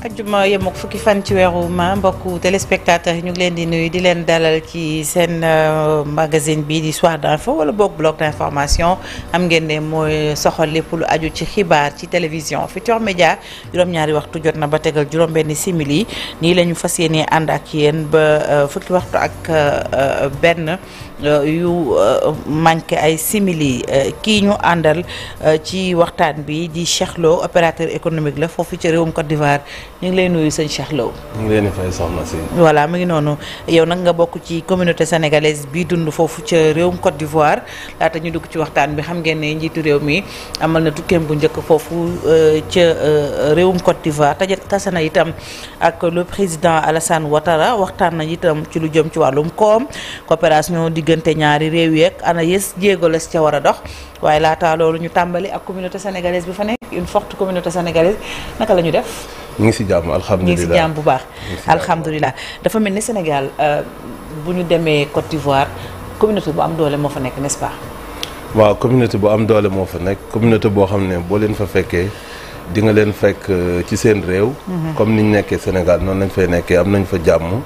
ajuma yem ak fukki fan ci weeru ma mbokku téléspectateurs yi ñu ngi leen di nuyu di leen dalal ci seen euh, magazine bi di soir d'info wala boog d'information am ngeen ne mooy soxal lépp lu aju ci xibaar ci télévision Futurs Médias juróom-ñaari waxtu jot na ba tegal juróom-benn simili nii lañu fas yéenee ànd ak yenn ba euh, fukki waxtu ak euh, benn. Euh, yu euh, manqué ay simili euh, kii ñu àndal ci waxtaan bi di Cheikh Lo opérateur économique la foofu ci réewum Côte d'Ivoire ñu ngi lay nuyu sëñ Cheikh leen di fay soxna si. voilà mu ngi noonu yow nag nga bokk ci communauté sénégalaise bi dund foofu ca réewum Côte d'Ivoire laata ñu dugg ci waxtaan bi xam ngeen ne njiitu réew mi amal na tukkeem bu njëkk foofu ca réewum Côte d'Ivoire taje na itam ak le président Alassane Ouattara waxtaan nañ itam ci lu jëm ci wàllum koom coopération diggante ñaari réew yeeg ana yées jéego les ca war a dox waaye laata loolu bi fa la ñu def. ñu ngi si jàmm alhamdulilah ñu ngi si jàmm bu dafa mel ni Sénégal euh, bu ñu demee Côte d'Ivoire communauté bu am doole moo fa nekk n'est-ce pas. waaw am doole moo fa nekk communauté boo xam ne boo leen fa fekkee di nga leen fekk euh, ci seen réew. Mhm. comme ni nekkee Sénégal noonu lañ fay nekkee am nañ fa jàmm. Mhm.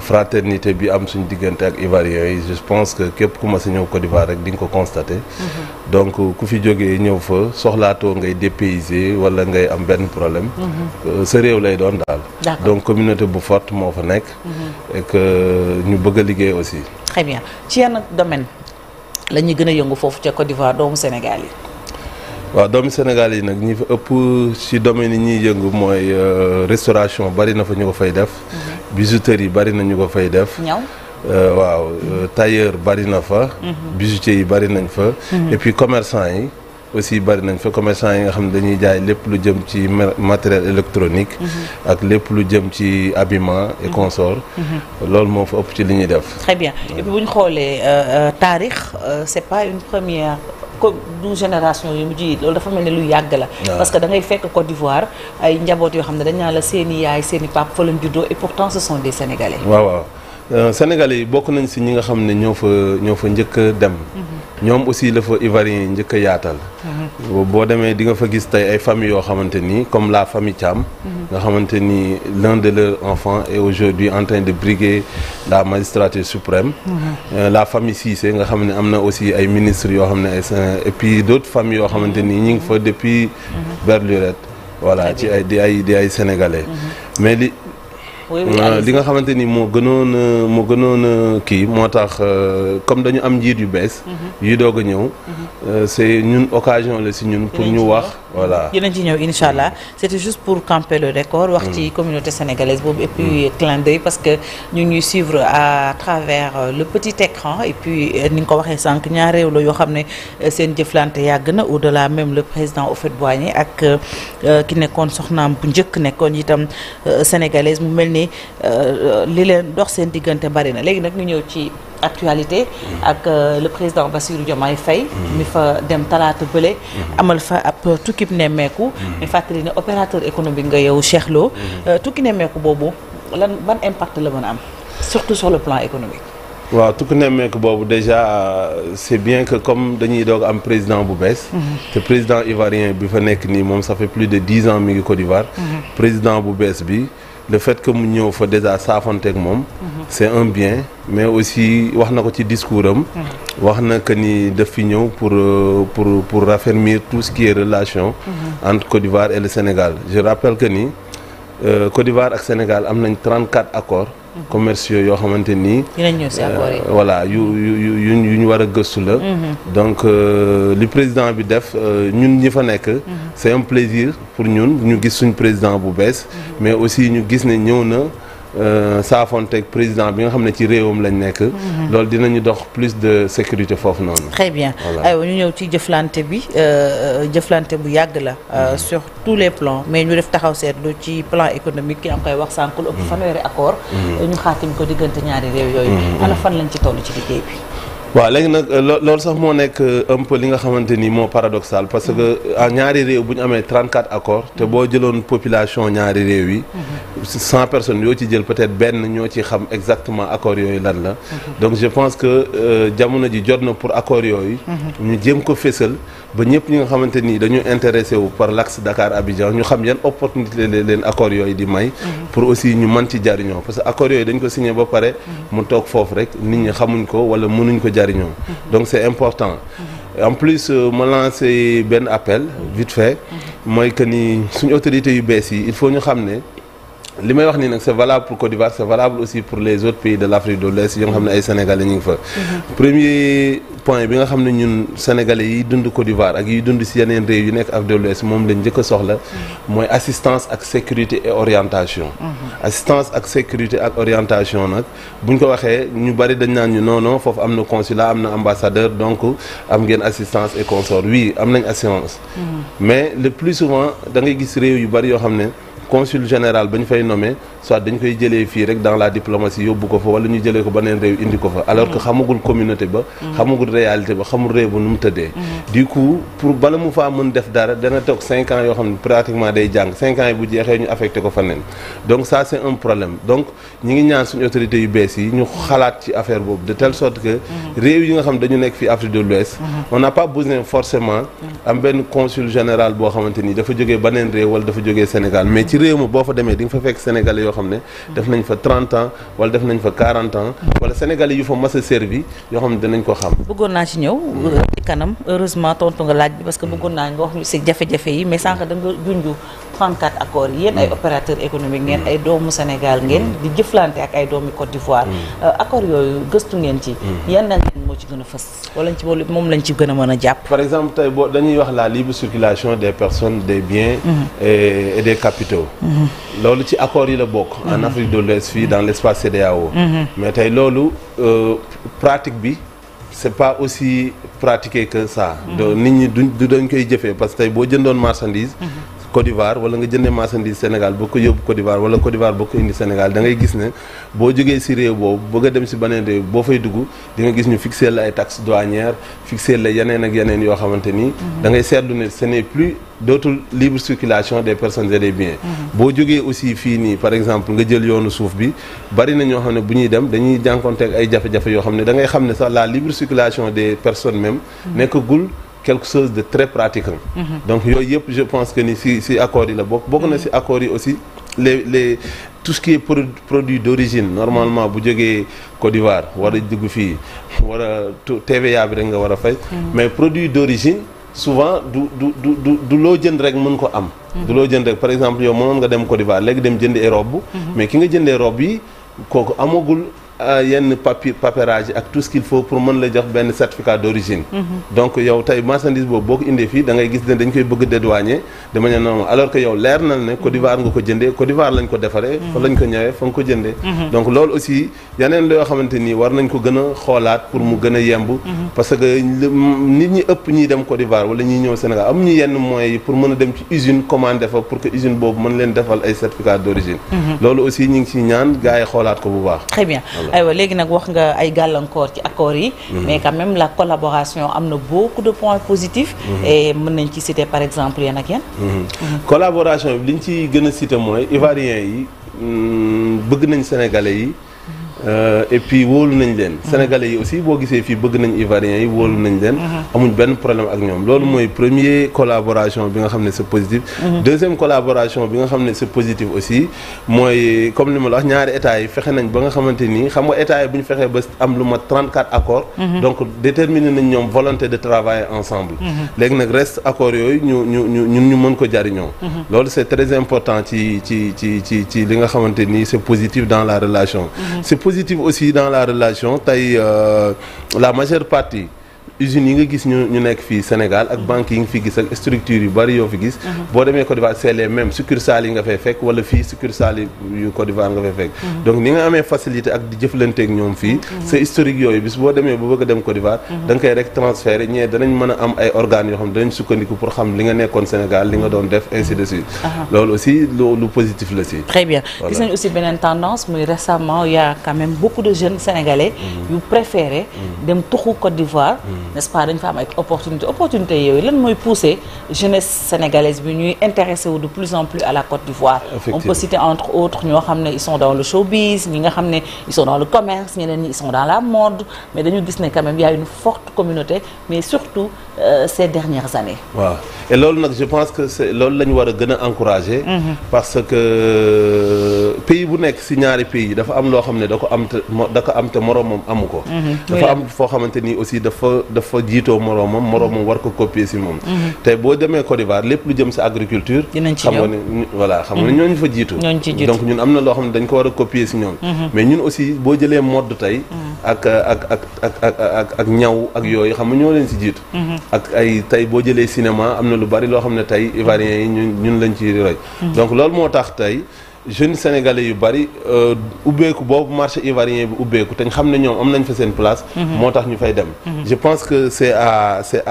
fraternité bi am suñu diggante ak Ivoiriens yi je pense que képp ku ma sa ñëw Côte d'Ivoire rek di nga ko constater. Mhm. donc ku fi jógee ñëw fa soxlaatoo ngay dépayser wala ngay am benn problème. Mhm. Euh, sa réew lay doon daal. donc communauté bu fort moo fa nekk. Mhm. et euh, ñu bëgg liggéey aussi. très bien ci yenn domaine la ñuy gën a yëngu foofu ca Côte d'Ivoire doomu Sénégal yi. waaw doomi Sénégal yi nag ñi fa ëpp ci domaine yi ñuy yëngu mooy euh, restauration bari na fa ñu ko fay def. Mhm. bijouterie yi bari na ñu ko fay def. ñaw euh, waaw euh, tailleur bari na fa. Mhm. bijoutier yi bari nañ fa. Mhm. et yi. aussi bari nañ fa commerçant yi nga xam ne dañuy jaay lépp lu jëm ci matériel électronique ak lépp lu jëm ci habillement et consort loolu moo fa ëpp ci li ñuy def très bien xoolee taarix c'est pas une première ko du génération yu mujj yi loolu dafa mel ne lu yàgg la parce que da ngay fekk Côte d'Ivoire ay njaboot yoo xam ne dañ naan la seen i yaay seen i pap fa lañ juddoo et pourtant ce sont des Sénégalais Euh, sénégalais yi bokk nañ si ñi nga xam ne ñoo fa ñoo fa njëkk dem. Mhm. ñoom aussi la fa Ivoiriens njëkk yaatal. Mhm. boo demee di nga fa gis tey ay familles yoo xamante ni comme la famille Thiam. Mhm. nga xamante ni l'un de leurs enfants est aujourd'hui en train de briguer la magistrature suprême. Euh, la famille Cissé nga xam ne am na aussi ay ministre yoo xam ne ay et puis d'autres familles yoo xamante ni ñu ngi fa depuis. Berlurette voilà ci ay di ay di ay sénégalais Euh, li nga xamante ni moo gënoon euh, moo gënoon euh, kii moo tax comme dañu am njiit yu bees. Mhm. yu doog ñëw. Mhm. c'est ñun occasion la si ñun. pour ñu wax voilà. dinañ ci ñëw incha allah mm. c'était juste pour camper le décor. wax ci mm. communauté sénégalaise boobu et puis mm. clin parce que ñu ngi suivre à travers le petit écran et puis ni nga ko waxee sànq ñaar réew la yoo xam ne seen jëflante yàgg na au-delà même le président Houphouët-Boigny ak ki nekkoon soxnaam bu njëkk nekkoon ni euh, li leen dox seen diggante bari na léegi nag ñu ñëw ci actualité ak euh, le président Bassirou Diomaye Faye mi fa dem talaata bële amal fa ab tukkib nemmeeku ñu fàttali ne opérateur économique nga yow Cheikh Lo euh, tukki nemmeeku boobu lan ban impact la mën am surtout sur le plan économique waaw tukki nemmeeku boobu déjà c'est bien que comme dañuy doog am président bu bees. te président ivoirien bi fa nekk nii moom ça fait plus de dix ans mi ngi Côte d'Ivoire. Mhm. président le fait que mu ñëw fa déjà saafonteeg moom. Mhm. c'est un bien mais aussi wax na ko ci discours am. Mhm. wax na que ni daf fi ñëw pour euh, pour pour raffermir tout ce qui est relation. Mhm. entre Côte d'Ivoire et le Sénégal je rappelle que ni euh, Côte d'Ivoire ak Sénégal am nañ 34 accords. commerciaux yoo xamante nii euh, voilà yu yu yu yu ñu war a gëstu la mm-hmm. donc euh, li président bi def euh, ñun ñi fa nekk mm-hmm. c'est un plaisir pour ñun ñu gis suñ président bu bees mm-hmm. mais aussi ñu gis ne ñëw na Euh, saafonteeg président bi nga xam ne ci réewam lañ nekk. Mhm. loolu dinañu dox plus de sécurité foofu noonu. très bien aywa ñu ñëw ci jëflante bi euh, euh, jëflante bu yàgg la. Mhm. sur tous les plans mais ñu def taxaw seetlu ci plan économique ki am koy wax sànq lu ëpp mhm. fanweeri accord. ñu xaatim ko diggante ñaari réew yooyu. ana fan lañ ci toll ci liggéey bi. waa léegi nag euh, loolu sax moo nekk euh, un peu li nga xamante ni moo paradoxal parce que euh, ñaari réew bu ñu amee 34 accords te boo jëloon population ñaari réew yi. 100 personnes yoo ci jël peut-être benn ñoo ci xam exactement accords yooyu lan la. Mhm. donc je pense que jamono ji jot na pour accords yooyu. Mhm. ñu jéem ko fésal. ba ñëpp ñi nga xamante ni dañu intéressé wu par l'axe Dakar Abidjan ñu xam yan opportunité leen accords yooyu di may mhm. pour aussi ñu mën ci jariñoo parce que accords yooyu dañ ko signé ba pare mhm. mu toog foofu rek nit ñi xamuñ ko wala mënuñ ko jariñoo mhm. donc c'est important en plus euh, ma lancé benn appel vite fait mooy que ni suñ autorités yu bees yi il faut ñu xam ne li may wax nii nag c'est valable pour Côte d'Ivoire c'est valable aussi pour les autres pays de l'Afrique de l'Ouest yoo nga xam ne ay sénégalais ñu fa. Mhm. premier point bi nga xam ne ñun sénégalais yi dund Côte d'Ivoire ak yi dund ci yeneen réew yu nekk Afrique de l'Ouest moom lañ njëkk a soxla. Mhm. mooy assistance ak sécurité et orientation. Mhm. assistance ak sécurité ak orientation nag buñ ko waxee ñu bari dañ naan ñu non foofu am na consulat am na ambassadeur donc am ngeen assistance et consort oui am nañ assurance. mais le plus souvent da ngay gis réew yu bari yoo xam ne. consul général ba ñu fay nommé soit dañ koy jëlee fii rek dans la diplomatie yóbbu ko fa wala ñu jëlee ko beneen réew indi ko fa alors que mm-hmm. xamagul communauté ba mm-hmm. xamagul réew ba nu mu tëddee mm-hmm. du coup pour bala mu faa mën def dara dana toog cinq ans yoo xam ne pratiquement day jàng cinq ans yi bu jeexee ñu affecté ko fa neen donc ça c'est un problème donc ñi ngi ñaan suñu autorités yu bees yi ñu xalaat ci affaire boobu de telle sorte que réew yi nga xam ci réew ma boo fa demee di nga fa fekk sénégalais yoo xam ne def nañ fa 30 ans wala def nañ fa 40 ans wala sénégalais yu fa mas a servi yoo xam ne dinañ ko xam bëggoon naa ci ñëw kanam heureusement tontu nga laaj bi parce que bëggoon naa nga wax ñu si jafe-jafe yi mais sànq da nga junju 34 accords yi yéen ay opérateur économique ngeen ay doomu Sénégal ngeen di jëflante ak ay doomi Côte d'Ivoire mm. euh, accords yooyu gëstu ngeen ci mm. moo ci gën a fës wala ci boolu moom lañ ci gën a mën a jàpp. par exemple tey boo dañuy wax la libre circulation des personnes des biens. Mhm. et des capitaux. Mhm. loolu ci accords yi la bokk. en mhm. Afrique de l'Ouest fii dans mais tey loolu euh, pratique bi. c'est pas aussi pratiqué que ça. donc nit ñi du dañ koy jëfee parce que tey boo jëndoon marchandise. Côte d'Ivoire wala nga jëndee marchandise Sénégal boo ko yóbbu Côte d'Ivoire wala Côte d'Ivoire boo ko indi Sénégal da gis ne boo jógee si réew boobu bëgg a dem si beneen réew boo fay dugg dinga gis ñu fixé la ay tax douanières fixé la yeneen ak yeneen yoo xamante ni. Mhm. da ngay seetlu ne ce plus dootul libre circulation des personne et des biens. Mhm. boo jógee aussi fii nii par exemple nga jël yoonu suuf bi bari na ñoo xam ne bu ñuy dem dañuy jànkonteeg ay jafe yoo xam ne da xam ne sax la libre circulation des personnes même mhm. nekkagul. quelque chose de très pratique donc yooyu yëpp je pense que ni si si accords yi la bokk bokk na si accords yi aussi les les tout ce d'origine normalement bu jegee Côte d'Ivoire war a dugg fii war a TVA bi rek nga war a fay mais produit d'origine souvent du du du du loo jënd rek mën ko am du loo jënd rek par exemple yow mënoon nga dem Côte d'Ivoire léegi dem jëndi robe mhm. mais ki nga jëndee robe yi kooku amagul yenn papier papérage ak tout ce qu'il faut pour mën la jox benn certificat d'origine mhm. donc yow tey marchandise boobu boo ko indee fii da ngay gis ne dañ koy bëgg dédouaner de manière normale alors que yow leer na ne Côte d'Ivoire nga ko jëndee Côte d'Ivoire lañ ko defaree mhm. fa lañ ko ñëwee fa nga ko jëndee mhm. donc loolu aussi yeneen la xamante nii war nañ ko gën a xoolaat pour mu gën a yemb parce que nit ñi ëpp ñiy dem Côte d'Ivoire wala ñiy ñëw Sénégal am ñu yenn moyens yi pour mën a dem ci usine commandé fa leen defal ay certificat d'origine loolu aussi ñi ngi ci ñaan ko bu baax aywa léegi nag wax nga ay gàllankoor ci accord yi mhm. mais quand même la collaboration am na beaucoup de point positifs mhm. et mën nañ ci citer par exemple yéen nag yéen mhm. collaboration bi liñ ci gën a citer mooy ivoiriens yi mm, bëgg nañ sénégalais yi Euh, et puis wóolu nañ leen. Mhm. sénégalais yi aussi boo gisee fii bëgg nañ ivoiriens yi wóolu nañ leen. Mhm. amuñ benn problème ak ñoom loolu mhm. mooy premier collaboration bi nga xam ne c'est positif. deuxième collaboration bi nga xam ne c'est positif aussi mooy comme li ma la wax yi fexe nañ ba nga xam nga état yi bu ñu fexee ba am lu ma 34 accords. donc déterminer nañ de travailler ensemble. léegi nag reste accords yooyu ñu ñu ñu ñu mën ko jariñoo. loolu c'est très important ci ci ci ci ci li nga xamante ni c'est positif dans la relation. positive aussi dans la relation tey euh, la majeure partie usines yi nga gis ñu nekk fii Sénégal ak mhm. banques yi nga fi gis ak structures yu bari yoo fi gis mhm. boo demee Côte d'Ivoire c'est les mêmes succursales yi nga fay fekk wala fii succursales yu nga fay fekk mhm. donc ni nga amee facilité ak di jëflante ak ñoom fii c'est historique yooyu bis boo demee ba bëgg a dem Côte d'Ivoire da nga koy rek transféré ñee danañ mën a am ay organes yoo xam danañ sukkandiku pour xam li nga nekkoon Sénégal li nga doon def ainsi de suite loolu aussi lu positif la si très bien gis nañ aussi beneen tendance muy récemment y a quand même n'est-ce pas dañ fa am ay opportunité opportunité yooyu lan mooy pousser jeunesse sénégalaise bi ñuy intéressé wu de plus en plus à la Côte d'Ivoire on peut entre autres ñoo xam ne ils sont dans le showbiz ñi nga xam ne ils dans le commerce ñeneen ñi ils dans la mode mais dañu gis ne quand même il a une forte communauté mais surtout euh, ces dernières années loolu nag je pense que c'est loolu la ñu war a gën a encourager mm-hmm. parce que euh, pays bu nekk si ñaari pays dafa am loo xam ne da ko am te da ko am te dafa jiitoo moroomam moroomam war ko copier si moom mhm. tey boo demee Côte d'Ivoire lépp lu jëm si agriculture xam nga ne voilà mhm. fa jiitu donc ñun am na loo xam ne dañ ko war a copier si ñoom mhm. mais ñun aussi boo jëlee mode tey ak ak ak ñaw ak yooyu xam nga ñoo leen si jiitu ak ay tey boo jëlee cinéma am na lu bari loo xam ne tey ivoiriens yi ñun ñun lañ ci roy donc loolu moo tax tey jeunes sénégalais yu bari euh, ubbeeku boobu marché ivoirien bi ubbeeku te xam ne ñoom am nañ fa seen place. Mhm. moo tax ñu fay dem. Mhm. je pense que c'est à c'est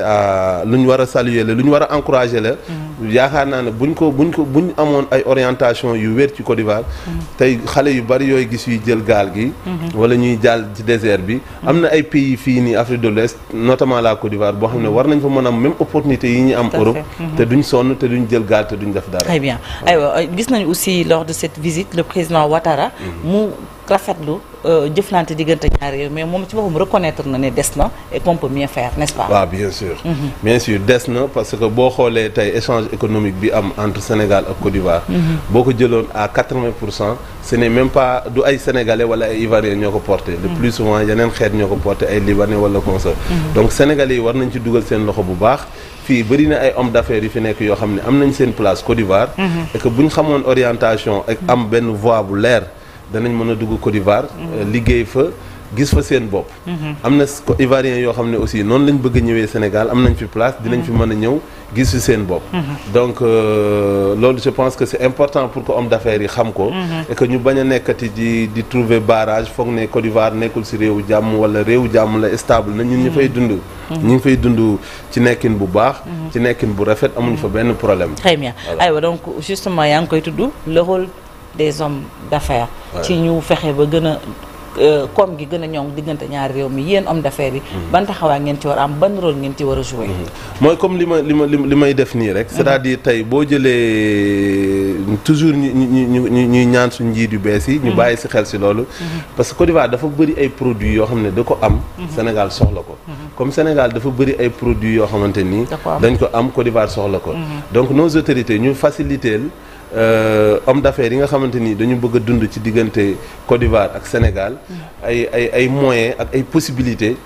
à lu ñu war a saluer la lu ñu war a encourager la. Mhm. yaakaar naa ne buñ ko buñ ko buñ amoon ay orientation yu wér ci Côte d'Ivoire. tey xale yu bari yooyu gis yuy jël gaal gi. wala ñuy jàll ci désert bi. am na ay pays fii nii Afrique de l'Ouest notamment la Côte d'Ivoire boo xam ne war nañ fa mën a am même opportunité yi ñu am Europe. te duñ sonn te duñ jël gaal duñ def dara. aussi lors de cette visite le président Ouattara mu rafetlu euh, jëflante diggante ñaar yooyu mais moom ci boppam reconnaître na ne des na et qu'on peut mieux faire nest pas waaw bien sûr mm-hmm. bien sûr des na parce que boo xoolee tey échange économique bi am entre Sénégal ak Côte d'Ivoire mm-hmm. boo ko jëloon à quatre-vingts pour pas du ay sénégalais wala ay ivoiriens ñoo ko porté le mm-hmm. plus souvent yeneen xeet ñoo ko porté ay libanais wala consort donc sénégalais yi war nañ fii bëri na ay hommes d'affaires yu fi nekk yoo xam ne am nañ seen place Côte d'Ivoire. Mhm. et bu ñu xamoon orientation ak am mhm. benn voie bu leer danañ mën a dugg Côte d'Ivoire. Mhm. Euh, liggéey fa. gis fa seen bopp. Mhm. am na Ivoiriens yoo xam ne aussi noonu lañ bëgg a ñëwee Sénégal am nañ fi place dinañ fi mhm. mën a ñëw gis fi seen bopp. Mhm. donc euh, loolu je pense que c'est important pour que homme d'affaires yi xam ko. et que ñu bañ a nekkati di di trouver barrage foog ne Côte d'Ivoire nekkul ci réewu jàmm wala réewu jàmm la stable na ñu fay dund. ñu fay dund ci nekkin bu baax. ci nekkin bu rafet amuñu fa benn problème. très bien aywa donc justement yaa ngi koy tudd le rôle des a Euh, koom gi gën a ñoŋ diggante ñaari réew mi yéen homme d'affaires yi. Mm-hmm. ban taxawaay ngeen ci war a am ban rôle ngeen ci war a jouer. Mm-hmm. mooy comme li may def nii rek. Mm-hmm. cest tey boo jëlee euh, toujours ñu ñu ñu ñuy ñaan suñu njiit yu bees yi. ñu bàyyi si xel si loolu. parce que Côte d'Ivoire dafa bëri ay produits yoo xam ne da ko am. Sénégal soxla ko. comme Sénégal dafa bëri ay produits yoo xamante ni. dañ ko am Côte d'Ivoire soxla ko. donc nos autorités ñu faciliter Euh, homme d'affaires yi nga xamante ni dañu bëgg a dund ci diggante Côte d'Ivoire ak Sénégal mm. ay ay ay moyens ak ay possibilités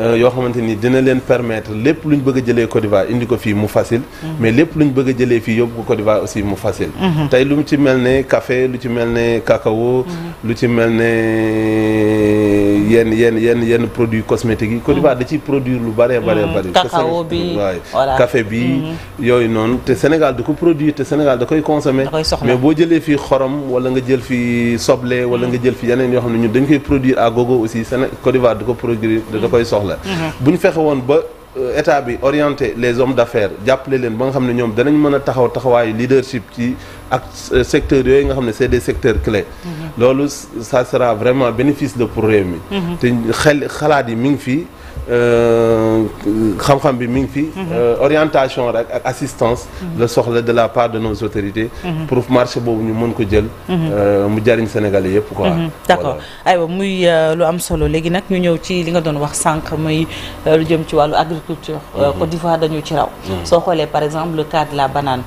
Euh, yoo xamante ni dina leen permettre lépp luñ bëgg a jëlee Côte indi ko fii mu facile. Mhm. mais lépp luñ bëgg a jëlee fii yóbbu ko Côte d'Ivoire mhm. ci mel ne café lu ci mel ne cacao. Mhm. lu ci mel ne euh, yenn yenn yenn yenn produits cosmétiques yi. Côte d'Ivoire da ciy produire lu bare bare bare. cacao bi voilà café bi yooyu noonu te Sénégal da ko produire te Sénégal da koy consommer. mais boo jëlee fii xorom wala nga jël fii soble wala nga jël fi yeneen yoo xam ne ñu dañ koy produire à gogo aussi Séné Côte ko produire da koy soxla. la bu ñu fexe woon ba euh, état bi orienté les hommes d'affaires jàppale leen ba nga xam ne ñoom danañ mën a taxaw taxawaayu leadership ci ak euh, secteurs yooyu nga xam ne c'est des secteurs clés mm-hmm. loolu ça sera vraiment bénéfice la pour réew mm-hmm. te xel xalaat yi mi ngi fii Euh, xam-xam bi mi ngi fi. Mhm. Euh, orientation rek ak assistance. Mhm. la soxla de la part de nos autorités. Mhm. pour marché boobu ñu mën ko jël. Euh, mu jariñ Sénégalais yëpp quoi. d'accord aywa muy lu am solo léegi nag ñu ñëw ci li nga doon wax sànq muy lu jëm ci wàllu agriculture. Côte d'Ivoire dañu ci raw. soo xoolee par exemple le cas la banane.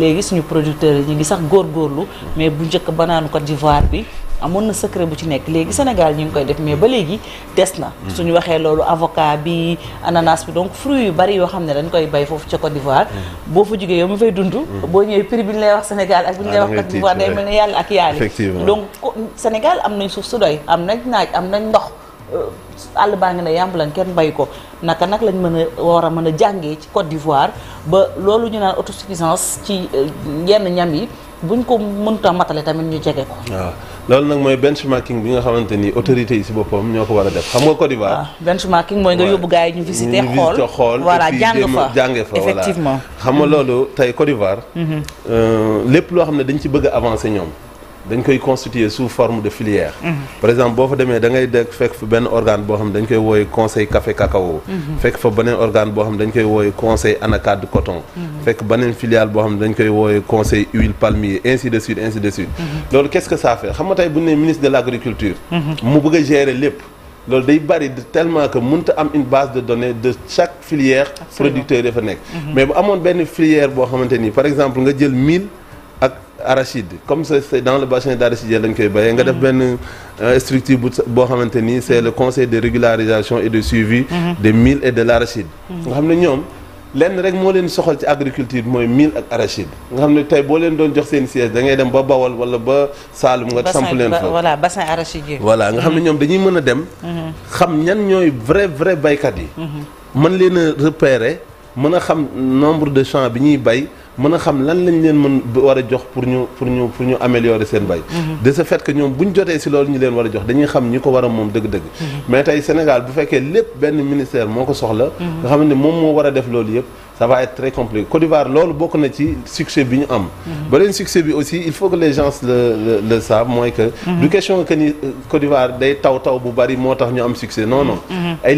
léegi suñu producteurs yi ñu ngi sax góorgóorlu mais bu njëkk banaanu Côte d'Ivoire bi. amoon na secret bu ci nekk léegi Sénégal ñu ngi koy def mais ba léegi des na. Hmm. suñu waxee loolu avocat bi ananas bi donc fruits yu bari yoo xam ne dañ koy bay foofu ca Côte d'Ivoire. Hmm. boo fa jugee yow mu fay dund. Hmm. boo ñëwee prix bi ñu lay wax Sénégal ak bi ñu lay ah, wax Côte d'Ivoire day mel ne yàlla ak yaali. donc Sénégal am nañ suuf su doy am nañ naaj am nañ ndox. Euh, àll baa ngi ne yàmbalan kenn bay ko naka nag lañ mën a war a mën a jàngee ci Côte d'Ivoire ba loolu ñu naan autosuffisance ci euh, yenn ñam yi. buñ ko mënta matale tamit ñu jege ko. waaw ah, loolu nag mooy benchmarking bi nga xamante ni autorité yi si boppam ñoo ko war a def xam nga Côte d'Ivoire. waaw ah, benchmarking mooy nga yóbbu gars yi ñu visiter. xool voilà jàng fa jànge fa effectivement. xam nga mm-hmm. loolu tey Côte d'Ivoire. Mm-hmm. Euh, lépp loo xam ne dañ ci bëgg a avancer ñoom. dañ koy constituer sous forme de filière. Mhm. par exemple boo fa demee da ngay dégg fekk fa benn organe boo xam dañ koy wooye conseil café cacao. Mhm. fekk fa beneen organe boo xam dañ koy wooye conseil anacarde coton. Mhm. fekk beneen filiale boo xam dañ koy wooye conseil huile palmier ainsi de suite ainsi de suite. loolu qu'est-ce que ça bu nee ministre de l'agriculture. mu bëgg a lépp. loolu day bari tellement que mënta am une base de données de chaque filière. producteur ak arachide comme c'est dans le bassin d'arachide lañ koy bayee nga def benn euh, structure boo xamante ni c'est le conseil de régularisation et de suivi mhm. des milles et de l'arachide mhm. nga xam ne ñoom lenn rek moo leen soxal ci agriculture mooy mil ak arachide nga xam ne tey boo leen doon jox seen siège da ngay dem ba Bawol wala ba Saalum nga samp leen fa voilà bassin arachide yi voilà nga xam ne mhm. ñoom dañuy mën a dem xam ñan ñooy vrai vrai baykat yi mën leen a repérer mën a xam nombre de champs bi ñuy bay mën a xam lan lañ leen mën war a jox pour ñu pour ñu pour ñu améliorer seen bay mhm. de ce fait que ñoom buñ jotee si loolu ñu leen war a jox dañuy xam ñi ko war a moom dëgg-dëgg mhm. mais tey Sénégal bu fekkee lépp benn ministère moo ko soxla mhm. nga xam ne moom moo war a def loolu yëpp ça va être très compliqué Côte d'Ivoire loolu bokk na ci succès bi ñu am beneen succès bi aussi il faut que les gens le le, mooy que du question que ni euh, Côte d'Ivoire day taw taw bu bari moo tax ñu am succès non non ay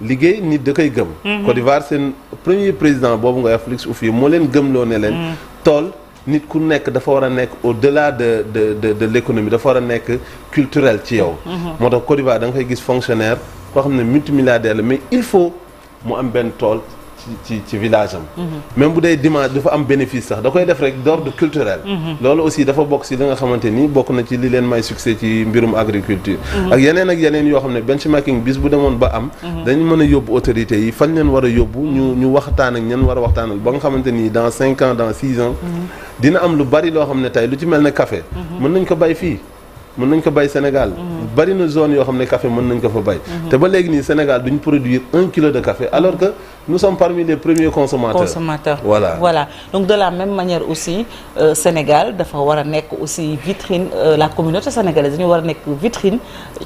liggéey nit da koy gëm. Mhm. Côte d'Ivoire seen premier président boobu nga Félix Houphouët moo leen gëmloo ne leen. Mhm. tool nit ku nekk dafa war a nekk au-delà de de de de l'économie dafa war a nekk culturel ci yow. Mhm. moo tax Côte d'Ivoire da nga koy gis fonctionnaire koo xam ne multimilliardaire la mais il faut mu am benn tool. ci ci village am même bu dee dimanche dafa am bénéfice sax da koy def rek d'ordre culturel loolu aussi dafa bokk si li nga xamante ni bokk na ci li leen may succès ci mbirum agriculture ak yeneen ak yeneen yoo xam ne benchmarking bis bu demoon ba am dañ mën a yóbbu autorités yi fan leen war a yóbbu ñu ñu waxtaan ak ñan war a waxtaanal ba nga xamante ni dans cinq ans dans six ans dina am lu bari loo xam ne tey lu ci mel ne café mën nañ ko bay fii ko bay Sénégal bari na zone yoo xam ne café mën nañ ko fa bay de café alors que nous sommes parmi les premiers consommateurs. voilà voilà donc de la même manière aussi euh, Sénégal dafa war a nekk aussi vitrine euh, la communauté sénégalaise dañu war a nekk vitrine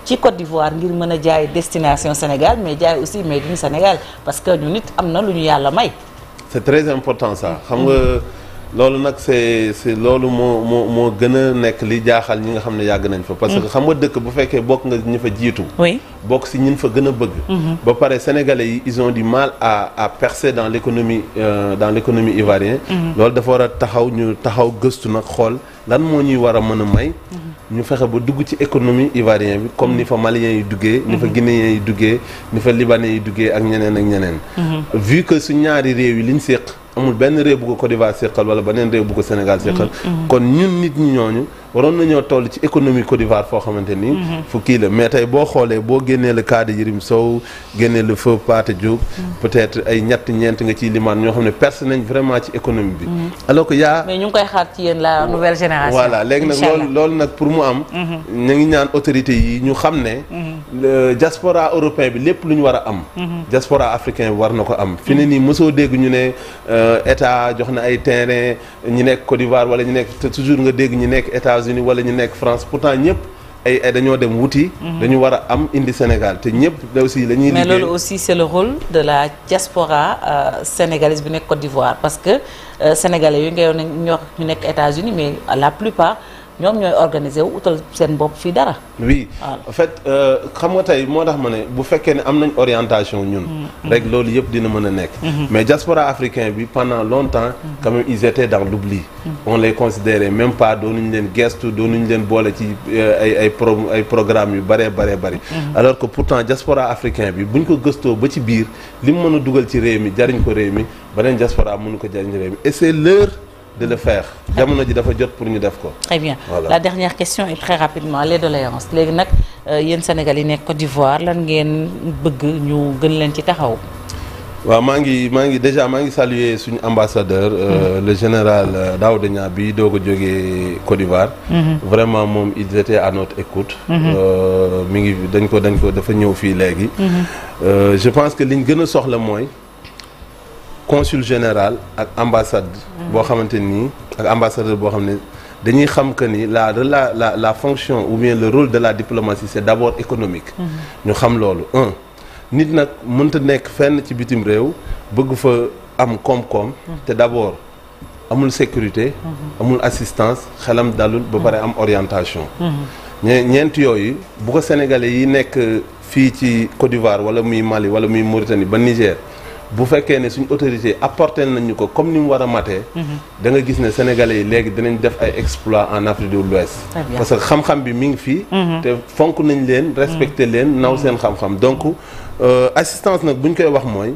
ci Côte d'Ivoire ngir mën a jaay destination Sénégal mais jaay aussi made in Sénégal parce que ñu nit am na lu ñu yàlla may. c'est très important ça xam nga. loolu nag c'est c'est loolu moo moo moo gën a nekk li jaaxal ñi nga xam ne yàgg nañ fa. parce que mm. xam nga dëkk bu fekkee bokk nga ñu fa jiitu. bokk si ñin fa gën a bëgg. Mm-hmm. ba pare sénégalais yi ils ont du mal dans l'économie euh, dans l'économie ivoirienne. Mm-hmm. loolu dafa war a taxaw ñu taxaw gëstu nag xool lan moo ñuy war a mën a may. Mm-hmm. ñu fexe ba dugg ci économie ivoirienne bi comme ni fa maliens yi duggee. ni fa guinéens yi duggee ni fa libanais yi duggee ak ñeneen ak ñeneen. vu que su ñaari réew yi liñ séq. amul benn réew bu ko Côte d'Ivoire séqal wala beneen réew bu ko Sénégal séqal mm, mm. kon ñun nit ñi ñooñu waroon nañoo toll ci économie Côte d'Ivoire foo xamante ni. Mhm. fu la mais tey boo xoolee boo génnee le cas de Yirim Sow génnee le feu Pathé Diop. Mhm. peut-être ay ñett ñeent nga ciy limaan ñoo xam ne percé nañ vraiment ci économie bi. Mhm. alors que yaa mais ñu ngi koy xaar ci yéen la nouvelle génération. voilà léegi nag loolu loolu nag pour mu am. ñu ngi ñaan autorités yi ñu xam ne. diaspora européen bi lépp lu ñu war a am. diaspora africain bi war na ko am. fi ne nii mosoo dégg ñu ne euh, état jox na ay terrain ñu nekk Côte d'Ivoire wala ñu nekk toujours nga dégg état. États-Unis wala ñu nekk France pourtant ñëpp ay ay dañoo dem wuti. Mhm. dañu war a am indi Sénégal te ñëpp aussi la liggéey mais loolu aussi c'est le rôle de la diaspora euh, bi nekk Côte d'Ivoire parce que euh, sénégalais yi nga yow ñu nekk États-Unis mais la plupart. ñoom ñooy organiser wu utal seen bopp fii dara. wii en fait euh, xam nga tey moo tax ma ne bu fekkee ne am nañu orientation ñun. Mm, mm. rek loolu yëpp dina mën a nekk. Mm-hmm. mais diaspora africain bi pendant longtemps. Mm-hmm. quand même ils étaient dans l'oubli. Mm-hmm. on les considérait même pas doonuñu leen gestu doonuñu leen boole ci euh, ay ay pro ay programmes yu bëree bëree bari alors que pourtant diaspora africain bi bu buñ ko gëstoo ba ci biir li mu mën a dugal ci réew mi jariñ ko réew mi beneen diaspora mënu ko jariñ réew mi et c'est l'heure de le faire jamono ji dafa jot pour ñu def ko. très bien voilà. la dernière question est très rapidement les doléances léegi nag euh, yéen Sénégal yi nekk Côte d'Ivoire lan ngeen bëgg ñu gën leen ci taxaw. waaw maa ngi maa ngi déjà maa ngi saluer suñu ambassadeur euh, mmh. le général euh, Daouda Niang bi doo ko jógee Côte d'Ivoire mm-hmm. vraiment moom ils étaient à notre écoute mm-hmm. euh, mi ngi dañ ko dañ ko dafa ñëw fii léegi mm-hmm. je pense que li gën a soxla mooy consul général ak ambassade. boo xamante nii ak ambassadeur boo xam ne dañuy xam que ni la la la la fonction ou bien le rôle de la diplomatie c'est d'abord économique. Mm-hmm. ñu xam loolu un nit nag mënta nekk fenn ci bitim réew bëgg fa am koom-koom. Mm-hmm. te d'abord amul sécurité. Mm-hmm. amul assistance xelam dalul ba pare am orientation. ñe ñeent yooyu bu ko sénégalais yi nekk fii ci Côte d'Ivoire wala muy Mali wala muy Mauritanie ba Niger. bu fekkee ne suñ autorité apporté nañ ñu ko comme ni mu war a matee. Mhm. da nga gis ne sénégalais yi léegi dinañ def ay exploit en Afrique de l'Ouest parce que xam-xam bi mu ngi fii. Mhm. te fonk nañ leen. respecté mhm. leen naw seen xam-xam donc euh, assistance nag buñ koy wax mooy.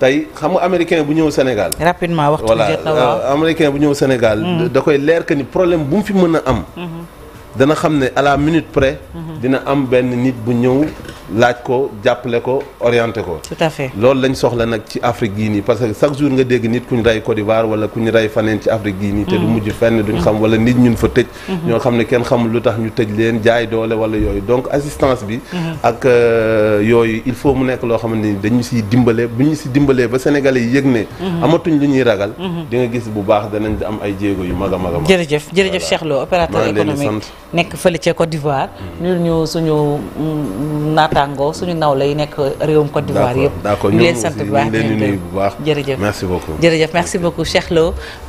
tey xam nga américain bu ñëw Sénégal. rapidement waxtu voilà euh, américain bu ñëw Sénégal. da koy leer que ni problème bu mu fi mën a am. dana xam ne à la minute près. dina am benn nit bu ñëw. laaj ko jàppale ko orienté ko. tout à fait loolu lañ soxla nag ci Afrique yii nii parce que chaque jour nga dégg nit ku ñu rey Côte d'Ivoire wala ku ñu rey faneen ci Afrique yii nii. te du mm. mujj fenn duñ xam mm. wala nit ñun fa tëj. Mm-hmm. ñoo xam ne kenn xamul lu tax ñu tëj leen jaay doole wala yooyu donc assistance bi. Mm-hmm. ak euh, yooyu il faut mu nekk loo xamante ni dañu siy dimbale bu ñu si dimbalee ba Sénégalais yi yëg ne. Mm-hmm. amatuñ lu ñuy ragal. di nga gis bu baax danañ am ay jéego yu a a mag. jërëjëf jërëjëf Cheikh Lo opérateur économique nekk fële ca Côte naataango suñu naw lay nekk réewum Côte d'Ivoire yëpp. d'accord ñu leen sant bu baax ñu merci beaucoup. jërëjëf merci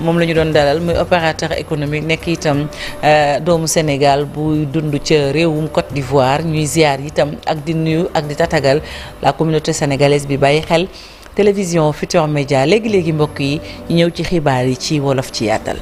moom la ñu doon dalal muy opérateur économique nekk itam euh, doomu Sénégal buy dund ca réewum Côte d'Ivoire ñuy ziar itam ak di nuyu ak di tatagal la communauté sénégalaise bi bàyyi xel télévision Futur Média léegi léegi mbokk yi ñëw ci xibaar yi ci wolof ci yaatal.